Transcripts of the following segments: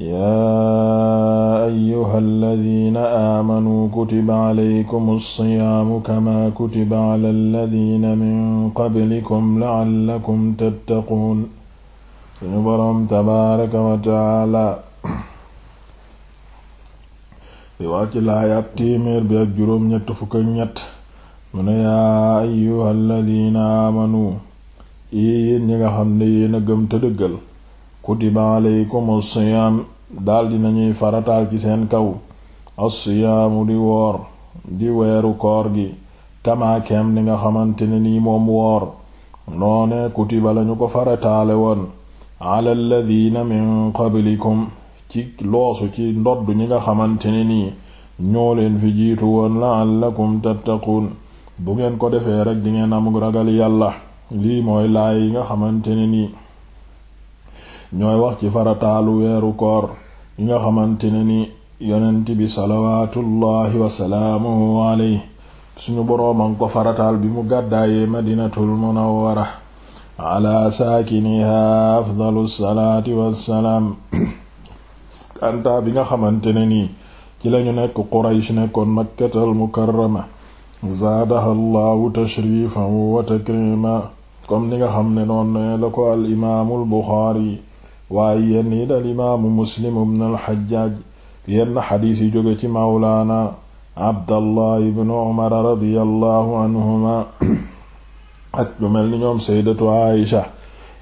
yaa ayyuhal ladina aamanu kutiba alaykumus siyaamu kamaa kutiba alal ladina min qablikum la'allakum tattaquun suñu boroom tabaaraka wa taala di wax bi ak ñett fukk ñett mu ne yaa ayyuhal ladina aamanu yéen ñi nga xam ne kutiba aleykum as-siyaam daldi nañuy farataal ci seen kaw as-siyaamu di woor di weeru koor gi kamaakeem ni nga xamante ne nii moom woor noone kutiba lañu ko farataale woon ala alladina min qablikum ci loosu ci ndodd ñi nga xamante ne nii ñoo leen fi jiitu woon la'allakum tattaquun bu ngeen ko defee rek di ngeen am ragal yàlla lii mooy laay yi nga xamante nii ñooy wax ci farataalu weeru koor yi nga xamante ne ni yonent bi salawaatullaahi wasalaamuhu alayhi suñu borooman ko farataal bi mu gàddaayee madinatu munawwara ala saakiniha afdalu salaati wassalaam kàntaa bi nga xamante ne nii ci lañu nekk quraysh nekkoon makkatal mukarrama zaadaha allahu tashrifan wa takrima ni nga xam ne noon ne la ko al imaamul waaye yenn yi dal imaamu muslim ibn al yenn xadiis yi jóge ci mawlaana abdallah ibnu umar radiyallahu anhuma ak lu mel ni ñoom saydatu aisha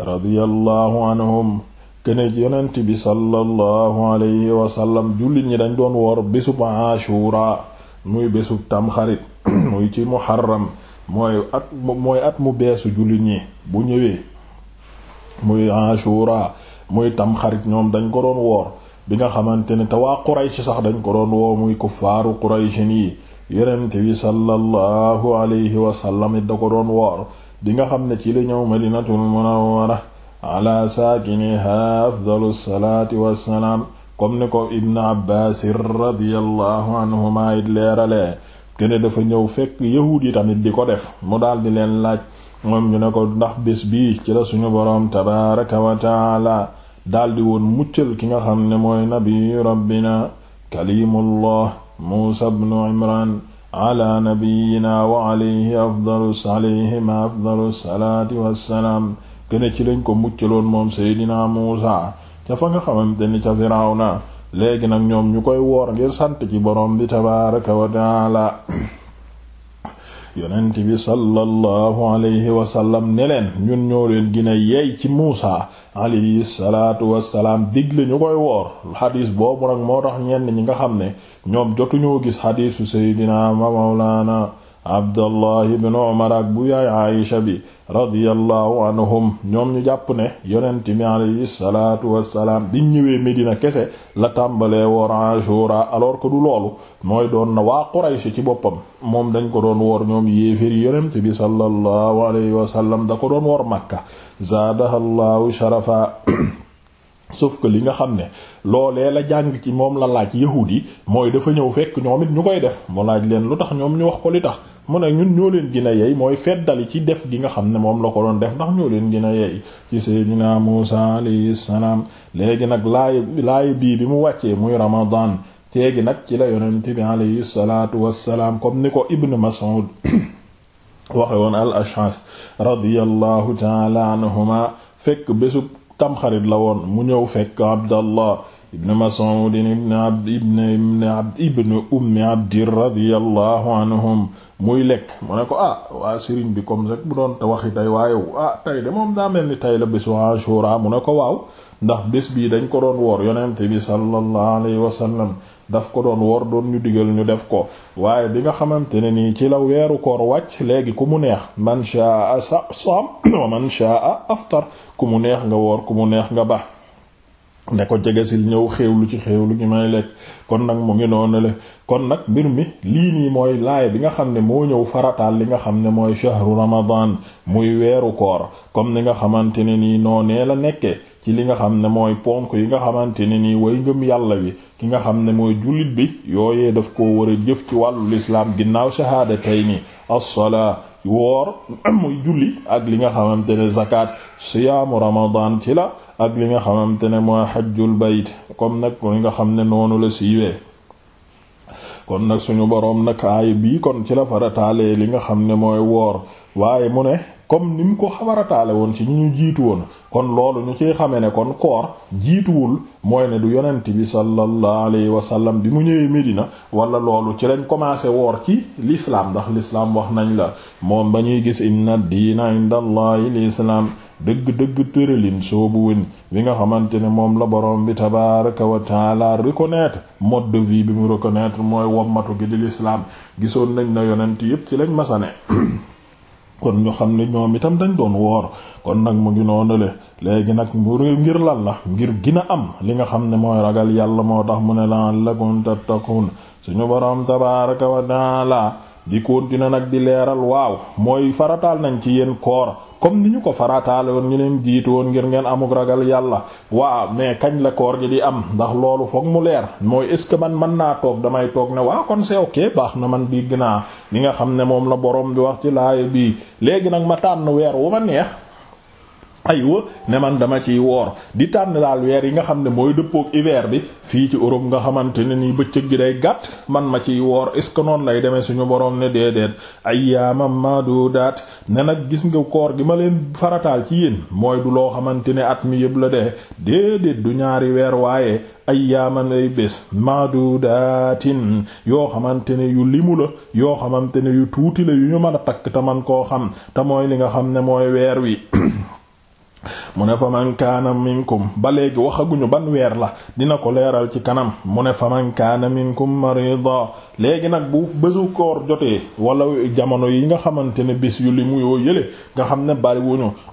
radiyallahu anhum kene yonent bi sallallahu alayhi wasallam jullit ñi dañ doon woor bésub ashura muy bésub tamxarit muy ci muharram mooy mooy at mu beesu jullit ñi bu ñëwee muy ashura muy tamxarit ñoom dañ ko doon woor bi nga xamante ne te waa Quraysh sax dañ ko doon woor muy kuffaaru Quraysh nii yonent bi sallallahu alayhi wa sallam it da ko doon woor bi nga xam ne ci li ñëw Madinatul Munawwara ala saakiniha afdalu salaati wassalaam comme ni ko Ibn Abbaas radiyallahu anhuma it leeralee kene dafa ñëw fekk yahuud yi tamit di ko def mu daal di leen laaj moom ñu ne ko ndax bés bi ci la suñu boroom tabaaraka wa taala daldi woon muccal ki nga xam ne mooy nabiyu rabbina kalimullah muusa bnu imran ala nabiyina wa alayhi afdalu alayhima afdalu salaati wassalaam gëna ci lañ ko muccaloon moom seydina muusa ca fa nga xamante ni ca firawna léegi nag ñoom ñu koy woor ngir sant ci boroom bi tabaaraka wa taala yonent bi sallallahu alayhi wasallam ne leen ñun ñoo leen gina a yey ci Muusaa alayhi salaatu wassalaam digle ñu koy woor xadiis boobu nag moo tax ñenn ñi nga xam ne ñoom jotuñoo gis xadiisu ma mawlaana abdallah ibn umar ak bu yaay aisha bi radiyallahu anhum ñoom ñu jàpp ne yonent mi alayhi salaatu wassalaam bi ñëwee Medina kese la tàmbalee woor Ashura alors que du loolu mooy doon na waa Quraysh ci boppam moom dañ ko doon wor ñoom yéeféri yonent bi sallallahu alayhi wasallam da ko doon woor Makka zaadahallahu sharafa sauf ko li nga xam ne loolee la jàng ci moom la laaj yahuud yi mooy dafa ñëw fekk ñoom it ñu koy def mu laaj leen lu tax ñoom ñu wax ko li tax mu ne ñun ñoo leen gën a mooy feddali ci def gi nga xam ne moom la ko doon def ndax ñoo leen gën a yey ci seydina Muusaa alayhi salaam léegi nag laay laay bii bi mu wàccee muy Ramadan teegi nag ci la yonent bi alayhi salaatu wassalaam comme ni ko Ibn Mas'ud waxe woon al Ash'as radiyallahu ta'ala anhuma fekk bésub tamxarit la woon mu ñëw fekk abdallah ibn mas'ud ibn abd ibn ibn abd ibn ummi abdir radiyallahu anhum muy lekk mu ne ko ah waa sëriñ bi comme rek bu doon te waxi tey waayow ah tey de moom daa mel ni tey la bésu ashura mu ne ko waaw ndax bés bii dañ ko doon woor yonente bi sallallahu alayhi wasallam daf ko doon wor doon ñu digal ñu def ko waaye bi nga xamante ne nii ci la weeru koor wàcc léegi ku mu neex man shaa sa saam wa man shaa aftar ku mu neex nga woor ku mu neex nga ba ne ko jegesil ñëw xéewlu ci xéewlu gi may lekk kon nag mu ngi noonu le kon nag mbir mi lii nii mooy laay bi nga xam ne moo ñëw farataal li nga xam ne mooy shahru ramadan muy weeru koor comme ni nga xamante ne nii noonee la nekkee ci li nga xam ne mooy ponk yi nga xamante ne nii way yàlla wi ki nga xam ne mooy jullit bi yooyee daf ko war a jëf ci wàllu lislaam ginnaaw shahaadatayni as-salaa woor muy julli ak li nga xamante ne zakat siyaamu ramadan ci la ak li nga xamante ne mooy xajjul bayt comme nag li nga xam ne noonu la siiwee kon nag suñu boroom nag aaya bii kon ci la farataalee li nga xam ne mooy woor waaye mu ne comme ni mu ko xabarataale woon ci ñu ñu jiitu woon kon loolu ñu ciy xame ne kon koor jiituwul mooy ne du yonent bi sallallahu alayhi wa sallam bi mu ñëwee Medina wala loolu ci lañ commencé woor ci lislaam ndax lislaam wax nañ la moom ba ñuy gis inna diina inda allahi l'islam dëgg-dëgg tëralin soobu wën bi nga xamante ne moom la borom bi tabaraka wa taala reconnaître mode de vie bi mu reconnaître mooy wommatu gi di l'islam gisoon nañ na yonent yépp ci lañ masane kon ñu xam ne ñoom itam dañ doon woor kon nag mu ngi noonale léegi nag ngir lan la ngir gina am li nga xam ne mooy ragal yàlla moo tax mu ne la lakum tattaqun suñu boroom tabaaraka wa taala di continuer nag di leeral waaw mooy farataal nañ ci yéen koor comme ni ñu ko farataale woon ñu leen jiitu woon ngir ngeen amuk ragal yàlla waa mais kañ la koor gi di am ndax loolu foog mu leer mooy est ce que man mën naa toog damay toog ne waa kon c'est ok baax na man dégg naa li nga xam ne moom la borom bi wax ci laaya bii léegi nag ma tànn weer wu ma neex aywa ne man dama ciy woor di tànn daal weer yi nga xam ne mooy dëppook hiver bi fii ci Europe nga xamante ne nii bëccëg bi day gàtt man ma ciy woor est ce que noonu lay demee suñu borom ne déedéet ayyaamam maadudaat ne nag gis nga koor gi ma leen farataal ci yéen mooy du loo xamante ne at mi yëpp la dee déedéet du ñaari weer waaye ayyaaman ay bés maadudatin yoo xamante ne yu limu la yoo xamante ne yu tuuti la yu ñu man a takk te man koo xam te mooy li nga xam ne mooy weer wi mu ne fa man kaana minkum ba léegi waxaguñu ban weer la dina ko leeral ci kanam mu ne fa man kaana minkum marida léegi nag bu bésu koor jotee wala jamono yi nga xamante ne bis yu li mu yoo yële nga xam ne bari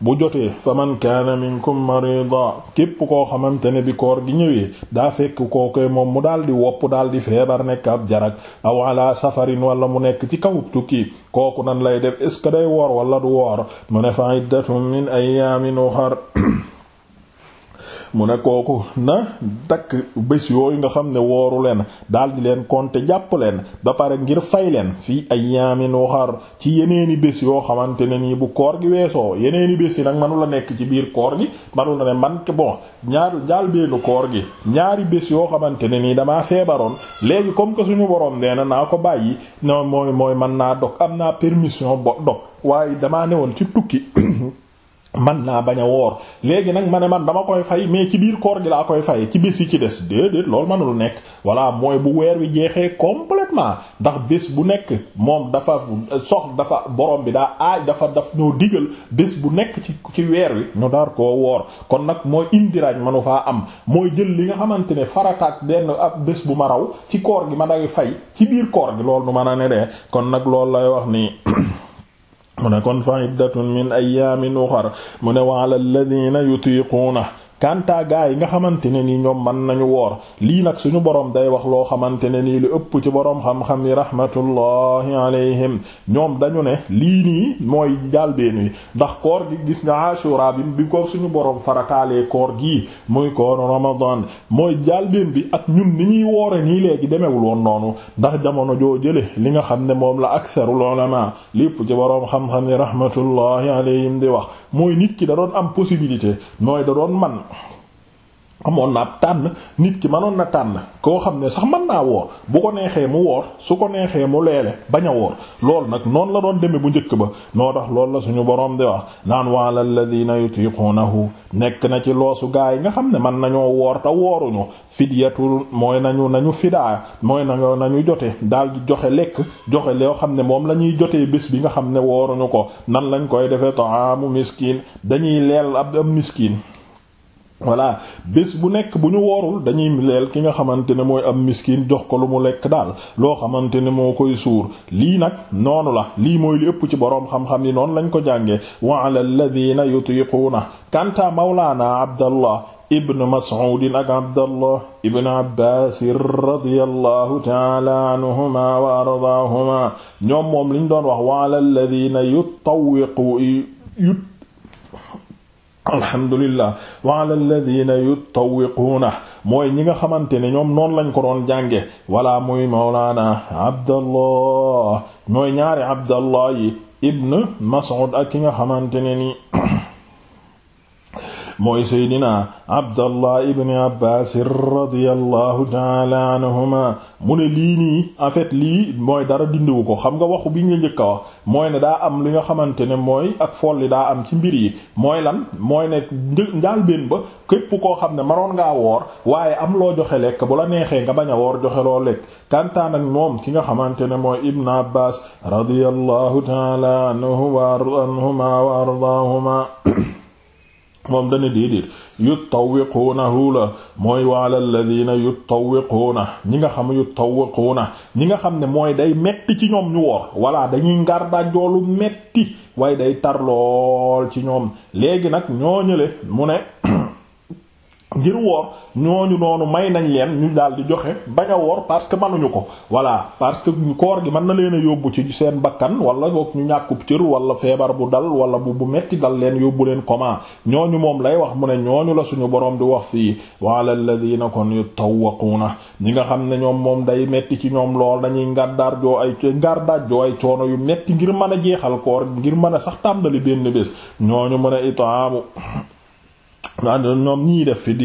bu jotee fa man kaana minkum marida képp koo xamante ne bi koor gi ñëwee daa fekk kookoy moom mu daal di wopp daal di feebar nekk ab jarak aw ala safarin wala mu nekk ci kaw tukki kooku nan lay def est ce que day woor wala du woor mu ne fa iddatun min ayaamin uxar mu ne kooku na takk bés yooyu nga xam ne wooru leen daal di leen compter jàpp leen ba pare ngir fay leen fii ayyaamin uxar ci yeneeni bés yoo xamante ne nii bu koor gi weesoo yeneeni bés yi nag la nekk ci biir koor gi manula ne man bon ñaar jaal beenu koor gi ñaari bés yoo xamante ne nii damaa feebaroon léegi comme que suñu borom nee na naa ko bàyyi non mooy mooy man naa dog am naa permission bo dog waaye damaa newoon ci tukki man naa bañ a woor léegi nag ma ne man dama koy fay mais ci biir koor gi laa koy fay ci bés yi ci des déedéet loolu mënul nekk voilà mooy bu weer wi jeexee complètement ndax bés bu nekk moom dafa dafa borom bi daa aaj dafa daf ñoo digal bés bu nekk ci ci weer wi ñu daar koo woor kon nag mooy indiraaj manu faa am mooy jël li nga xamante ne farataak benn ab bés bu ma ci koor gi ma day fay ci biir koor gi loolu nu mën a ne dee kon nag loolu lay wax nii mu ne kon fa iddatun min ayaamin uxar mu ne wa ala alladina yutiquuna kanta yi nga xamante ne nii ñoom mën nañu woor lii nag suñu boroom day wax loo xamante ne nii li ëpp ci boroom xam-xam yi rahmatullahi alayhim ñoom dañu ne lii nii mooy jàlbeen yi ndax koor gi gis nga ashura bi suñu boroom farataalee koor gii muy koor ramadan mooy jàlbeen bi ak ñun ni ñuy woore nii léegi demewul woon noonu ndax jamono joo jële li nga xam ne moom la aksarul ulama lépp ci boroom xam-xam yi rahmatullahi alayhim di wax mooy nit ki da doon am possibilité mooy da doon man amoon na ab tànn nit ki mënoon na tànn koo xam ne sax mën naa woor bu ko neexee mu woor su ko neexee mu leele bañ a loolu nag noonu la doon demee bu njëkk ba noo tax lool la suñu borom di wax naan wa alal na yutiqunahu nekk na ci loosu gaa yi nga xam ne man nañoo woor te wooruñu fidyatul mooy nañu nañu fidaa mooy nañu nañu jote daal di joxe lekk joxe loo xam ne moom la ñuy jotee bés bi nga xam ne wooruñu ko nan lañu koy defee ta'amu miskin dañuy leel ab am voilà bés bu nekk bu ñu woorul dañuy leel ki nga xamante ne mooy am miskin jox ko lu mu lekk daal loo xamante ne moo koy suur lii nag noonu la lii mooy li ëpp ci boroom xam-xam ni noonu lañ ko jànge wa ala alladhina yutiquuna kanta mawlaana abdallah ibn mas'ud ak abdallah ibn abbas radiyallahu taala wa ardaahuma ñoom moom liñ doon wax wa ala alladhina yutawwiqu alhamdulillah wa ala alladhina yutawiquuna mooy ñi nga xamante ne ñoom noonu lañ ko doon jànge wala muy mawlaana abdallah mooy ñaari abdallah yi ibn mas'ud ak ki nga xamante ne ni mooy seydina abdallah ibni abbaasir radiyallahu taala anhuma mu ne lii nii en fait lii mooy dara dindiwu ko xam nga waxu bi ñu la wax mooy ne daa am li nga xamante ne mooy ak folli daa am ci mbir yi mooy lan mooy ne njaalbeen ba képp koo xam ne maroon ngaa woor waaye am loo joxe lekk bu la neexee nga bañ a woor joxe loo lekk kantaan ak moom ki nga xamante ne mooy ibn abbas radiyallahu taala anhu wa anhuma wa ardaahuma moom dana déedéet yutawiquunahu la mooy waala alladina yutawiquuna ñi nga xam yutawiquuna ñi nga xam ne mooy day metti ci ñoom ñu woor walla dañuy ngar daajoolu metti waaye day tar lool ci ñoom léegi nag ñoo ñële mu ne ngir woor ñooñu noonu may nañ leen ñu daal di joxe bañ a woor parce que mënuñu ko voilà parce que koor gi mën na leen a yóbbu ci seen bakkan wala boog ñu ñàkku cër wala feebar bu dal wala bu bu metti dal leen yóbbu leen comment ñooñu moom lay wax mu ne ñooñu la suñu boroom di wax fii wala taw kon na ñi nga xam ne ñoom moom day metti ci ñoom lool dañuy ngardaar joo ay ngardaar joo ay coono yu metti ngir mën a jeexal koor ngir mën a sax tàmbali benn bés ñooñu mën a itaamu waa ñoom ñii def fi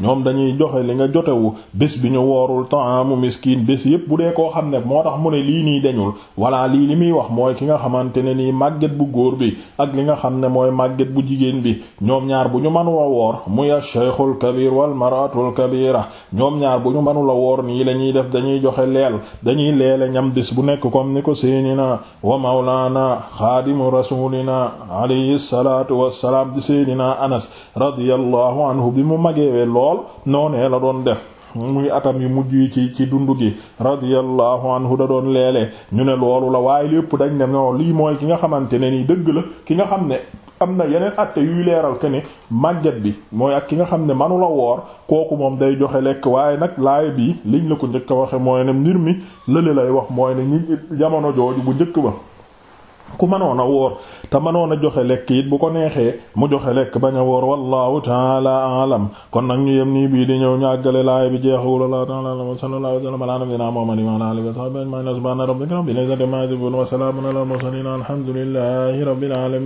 ñoom dañuy joxe li nga jotewu bés bi ñu woorul taamu miskin bés yépp bu dee koo xam ne moo tax mu ne lii nii dañul walla lii li muy wax mooy ki nga xamante ne nii màgget bu góor bi ak li nga xam ne mooy màgget bu jigéen bi ñoom ñaar bu ñu mënula woor muy ash-shaykhul kabir wal maratul kabira ñoom ñaar bu ñu mënula woor nii la ñuy def dañuy joxe leel dañuy leele ñam bés bu nekk comme ni ko seydinaa wa mawlaana xaadimu rasuulina alayhi salaatu wassalaam di seydinaa anas radiyallahu anhu bi mu magewee lool noonee la doon def muy atam yu mujj yi ci ci dund gi radiyallahu anhu da doon leele ñu ne loolu la waaye lépp dañ ne lii mooy ki nga xamante ne nii dëgg la ki nga xam ne am na yeneen atte yuy leeral que ne màgget bi mooy ak ki nga xam ne manu la woor kooku moom day joxe lekk waaye nag laay bi liñ la ko njëkk a waxe mooy ne mbir mi lële lay wax mooy ne ñi jamono jooju bu njëkk ba ku mënoon a woor te mënoon a joxe lekk it bu ko neexee mu joxe lekk bañ a woor wallahu taala alam kon nag ñu yem nii bii di ñëw ñu àggale laay bi jeexul wallahu taala alam sallallahu alayhi wa sallam ala nabiyyina muhammadin wa ala alihi wa sahbihi ajma'in subhana rabbika rabbil izzati amma yasifun wa salamun ala al mursalin alhamdulillahi rabbil alamin